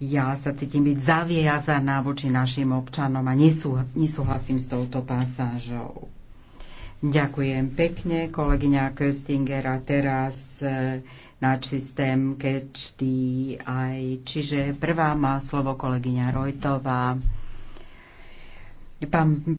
Ja sa cítim byť zaviazaná voči našim občanom a nesúhlasím s touto pasážou. Ďakujem pekne, kolegyňa Köstinger. A teraz e, na systém catch aj. Čiže prvá má slovo kolegyňa Rojtová. Pán